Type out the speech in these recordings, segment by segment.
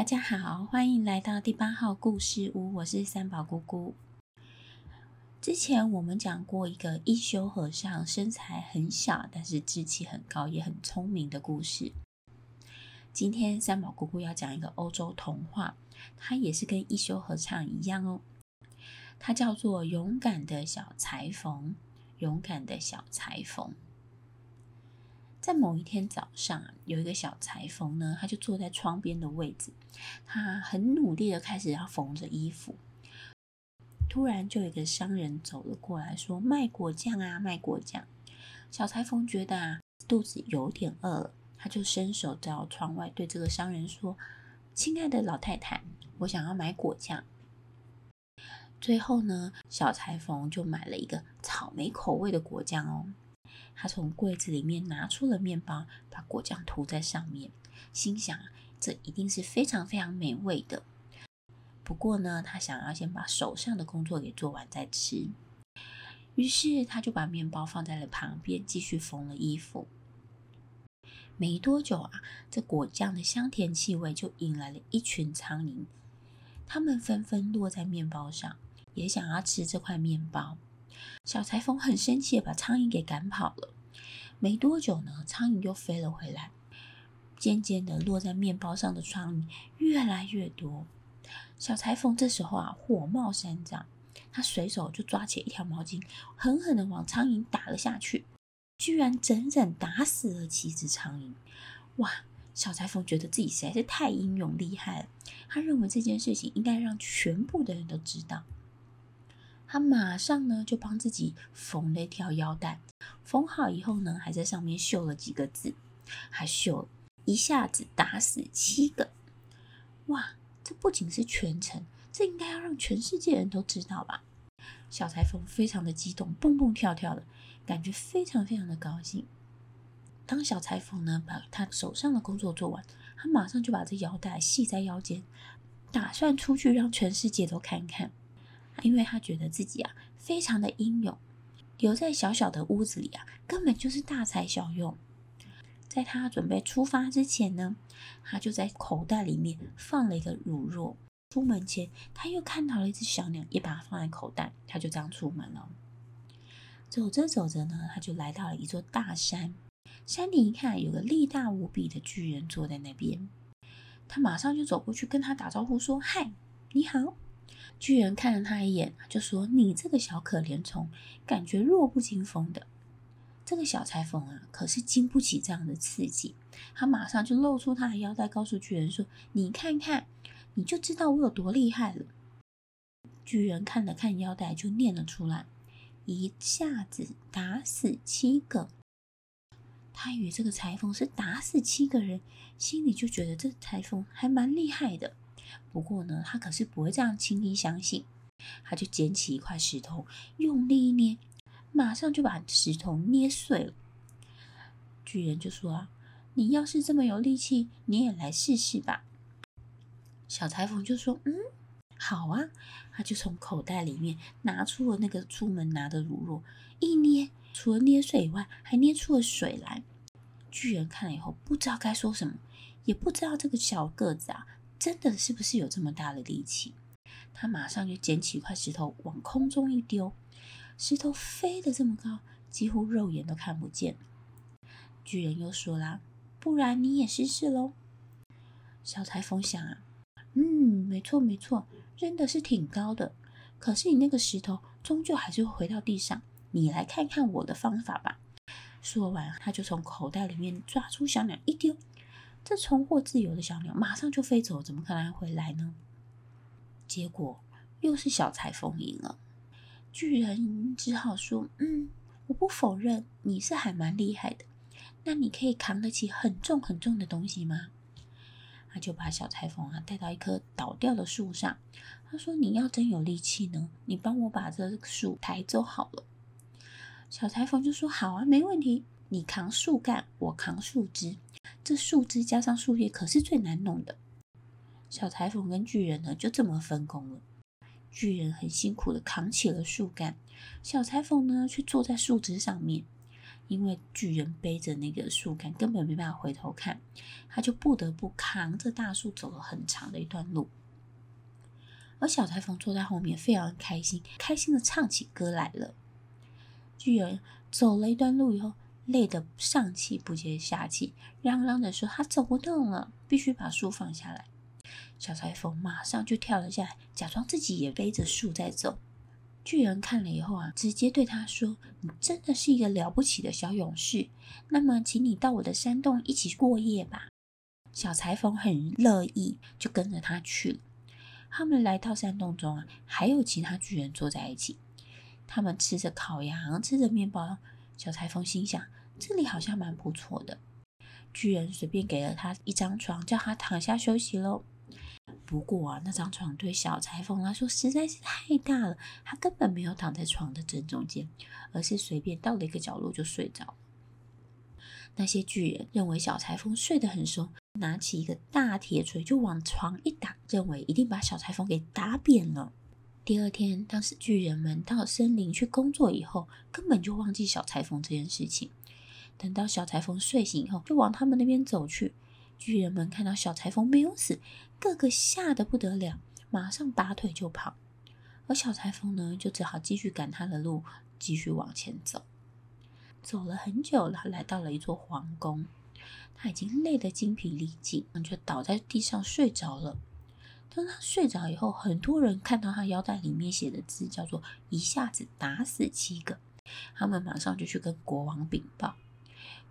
大家好，歡迎來到第八號故事屋，我是三寶菇菇。之前我們講過一個一休和尚身材很小，但是志氣很高，也很聰明的故事。今天三寶菇菇要講一個歐洲童話，它也是跟一休和尚一樣哦。它叫做勇敢的小裁縫《勇敢的小裁縫》，勇敢的小裁縫。在某一天早上，有一個小裁縫呢，他就坐在窗邊的位置，他很努力的開始要縫着衣服。突然，就有一個商人走了過來，說：“賣果醬啊，賣果醬！”小裁縫覺得啊，肚子有點餓了，他就伸手到窗外，對這個商人說：“親愛的老太太，我想要買果醬。”最後呢，小裁縫就買了一個草莓口味的果醬哦。他從櫃子裡面拿出了麵包，把果醬塗在上面，心想這一定是非常非常美味的。不過呢，他想要先把手上的工作給做完再吃，於是他就把麵包放在了旁邊，繼續縫了衣服。沒多久啊，這果醬的香甜氣味就引來了一群蒼蠅，它們紛紛落在麵包上，也想要吃這塊麵包。小裁縫很生氣，把蒼蠅給趕跑了。沒多久呢，蒼蠅又飛了回來，漸漸地落在面包上的蒼蠅越來越多。小裁縫這時候啊，火冒三丈，他隨手就抓起一條毛巾，狠狠地往蒼蠅打了下去，居然整整打死了七隻蒼蠅。哇！小裁縫覺得自己實在是太英勇厲害了，他認為這件事情應該讓全部的人都知道。他馬上呢就幫自己縫了一條腰帶，縫好以後呢，還在上面繡了幾個字，還繡了一下子打死七個，哇！這不僅是全城，這應該要讓全世界人都知道吧？小裁縫非常的激動，蹦蹦跳跳的感覺非常非常的高興。當小裁縫呢把他手上的工作做完，他馬上就把這腰帶繫在腰間，打算出去讓全世界都看一看。因為他覺得自己啊非常的英勇，留在小小的屋子裡啊根本就是大材小用。在他準備出發之前呢，他就在口袋裡面放了一個乳酪。出門前他又看到了一隻小鳥，也把它放在口袋，他就這樣出門了。走着走着呢，他就來到了一座大山，山頂一看，有個力大無比的巨人坐在那邊，他馬上就走過去跟他打招呼說：“嗨，你好。”巨人看了他一眼，就說：“你這個小可憐蟲，感覺弱不禁風的。”這個小裁縫啊，可是經不起這樣的刺激，他馬上就露出他的腰帶，告訴巨人說：“你看看，你就知道我有多厲害了。”巨人看了看腰帶，就念了出來，一下子打死七個。他以為這個裁縫是打死七個人，心裡就覺得這裁縫還蠻厲害的。不過呢，他可是不會這樣輕易相信。他就撿起一塊石頭，用力一捏，馬上就把石頭捏碎了。巨人就說：“啊，你要是這麼有力氣，你也來試試吧。”小裁縫就說：“嗯，好啊。”他就從口袋裡面拿出了那個出門拿的乳酪，一捏，除了捏碎以外，還捏出了水來。巨人看了以後，不知道該說什麼，也不知道這個小個子啊。真的是不是有這麼大的力氣？他馬上就撿起一塊石頭，往空中一丟，石頭飛得這麼高，幾乎肉眼都看不見。巨人又說啦、啊：“不然你也試試嘍。”小裁縫想啊：“嗯，沒錯沒錯，扔的是挺高的，可是你那個石頭終究還是會回到地上。你來看看我的方法吧。”說完，他就從口袋裡面抓出小鳥一丟。這重獲自由的小鳥馬上就飛走，怎麼可能還回來呢？結果又是小裁縫贏了。巨人只好說：“嗯，我不否認你是還蠻厲害的。那你可以扛得起很重很重的東西嗎？”他就把小裁縫啊帶到一棵倒掉的樹上。他說：“你要真有力氣呢，你幫我把這樹抬走好了。”小裁縫就說：“好啊，沒問題。你扛樹幹，我扛樹枝。”這樹枝加上樹葉可是最難弄的。小裁縫跟巨人呢，就這麼分工了。巨人很辛苦的扛起了樹幹，小裁縫呢卻坐在樹枝上面。因為巨人背着那個樹幹，根本沒辦法回頭看，他就不得不扛着大樹走了很長的一段路。而小裁縫坐在後面，非常開心，開心的唱起歌來了。巨人走了一段路以後。累得上氣不接下氣，嚷嚷着說：“他走不動了，必須把樹放下來。”小裁縫馬上就跳了下來，假裝自己也背着樹在走。巨人看了以後啊，直接對他說：“你真的是一個了不起的小勇士，那麼，請你到我的山洞一起過夜吧。”小裁縫很樂意，就跟着他去了。他們來到山洞中啊，還有其他巨人坐在一起，他們吃着烤羊，吃着麵包。小裁縫心想。這裡好像蠻不錯的。巨人隨便給了他一張床，叫他躺下休息嘍。不過啊，那張床對小裁縫來說實在是太大了，他根本沒有躺在床的正中間，而是隨便到了一個角落就睡着。那些巨人認為小裁縫睡得很熟，拿起一個大鐵錘就往床一打，認為一定把小裁縫給打扁了。第二天，當時巨人們到森林去工作以後，根本就忘記小裁縫這件事情。等到小裁縫睡醒以後，就往他們那邊走去。巨人們看到小裁縫沒有死，個個嚇得不得了，馬上拔腿就跑。而小裁縫呢，就只好繼續趕他的路，繼續往前走。走了很久了，來到了一座皇宮。他已經累得筋疲力盡，就倒在地上睡着了。當他睡着以後，很多人看到他腰帶裡面寫的字，叫做“一下子打死七個”，他們馬上就去跟國王稟報。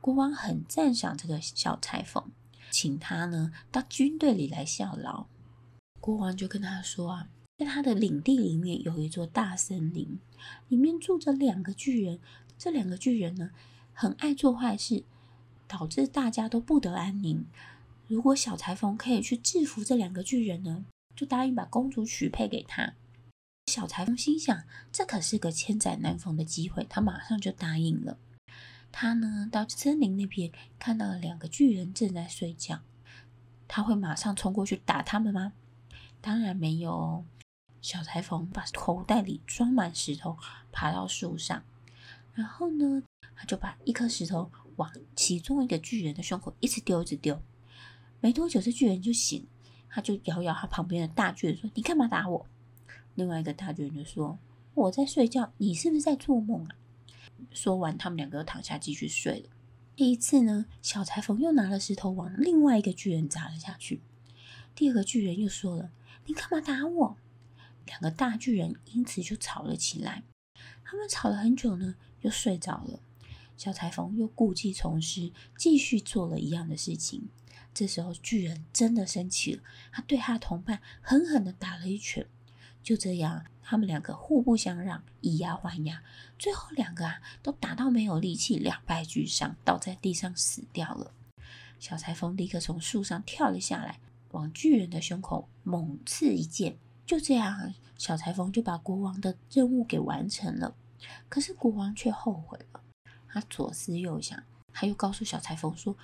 國王很讚賞這個小裁縫，請他呢到軍隊裡來效勞。國王就跟他說：“啊，在他的領地裡面有一座大森林，裡面住着兩個巨人。這兩個巨人呢，很愛做壞事，導致大家都不得安寧。如果小裁縫可以去制服這兩個巨人呢，就答應把公主許配給他。”小裁縫心想：“這可是個千載難逢的機會。”他馬上就答應了。他呢，到森林那邊看到了兩個巨人正在睡覺，他會馬上衝過去打他們嗎？當然沒有哦。小裁縫把口袋裡裝滿石頭，爬到樹上，然後呢，他就把一顆石頭往其中一個巨人的胸口一直丟，一直丟。沒多久，這巨人就醒，他就搖搖他旁邊的大巨人說：“你幹嘛打我？”另外一個大巨人就說：“我在睡覺，你是不是在做夢啊？”說完，他們兩個又躺下繼續睡了。這一次呢，小裁縫又拿了石頭往另外一個巨人砸了下去。第二個巨人又說了：“你幹嘛打我？”兩個大巨人因此就吵了起來。他們吵了很久呢，又睡着了。小裁縫又故技重施，繼續做了一樣的事情。這時候巨人真的生氣了，他對他的同伴狠狠地打了一拳。就這樣，他們兩個互不相讓，以牙還牙，最後兩個啊都打到沒有力氣，兩敗俱傷，倒在地上死掉了。小裁縫立刻從樹上跳了下來，往巨人的胸口猛刺一劍。就這樣，小裁縫就把國王的任務給完成了。可是國王卻後悔了，他左思右想，他又告訴小裁縫說：“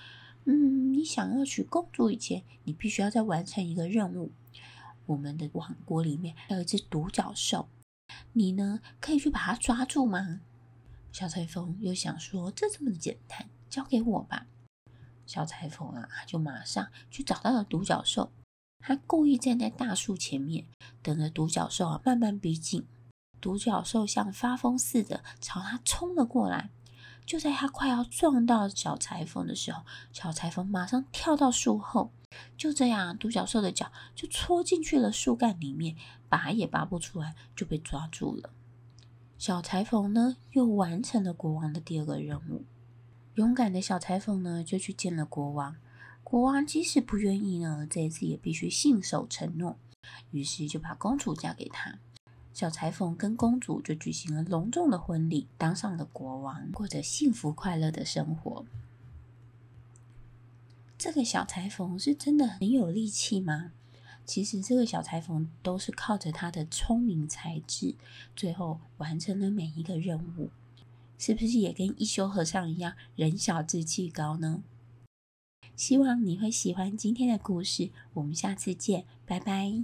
嗯，你想要娶公主以前，你必須要再完成一個任務。”我們的王國裡面有一隻獨角獸，你呢，可以去把它抓住嗎？小裁縫又想說，這這麼簡單，交給我吧。小裁縫啊，就馬上去找到了獨角獸，他故意站在大樹前面，等着獨角獸啊慢慢逼近。獨角獸像發瘋似的朝他衝了過來。就在他快要撞到小裁縫的時候，小裁縫馬上跳到樹後。就這樣，獨角獸的腳就戳進去了樹幹裡面，拔也拔不出來，就被抓住了。小裁縫呢，又完成了國王的第二個任務。勇敢的小裁縫呢，就去見了國王。國王即使不願意呢，這一次也必須信守承諾，於是就把公主嫁給他。小裁縫跟公主就舉行了隆重的婚禮，當上了國王，過着幸福快樂的生活。這個小裁縫是真的很有力氣嗎？其實這個小裁縫都是靠着他的聰明才智，最後完成了每一個任務。是不是也跟一休和尚一樣，人小志氣高呢？希望你會喜歡今天的故事，我們下次見，拜拜。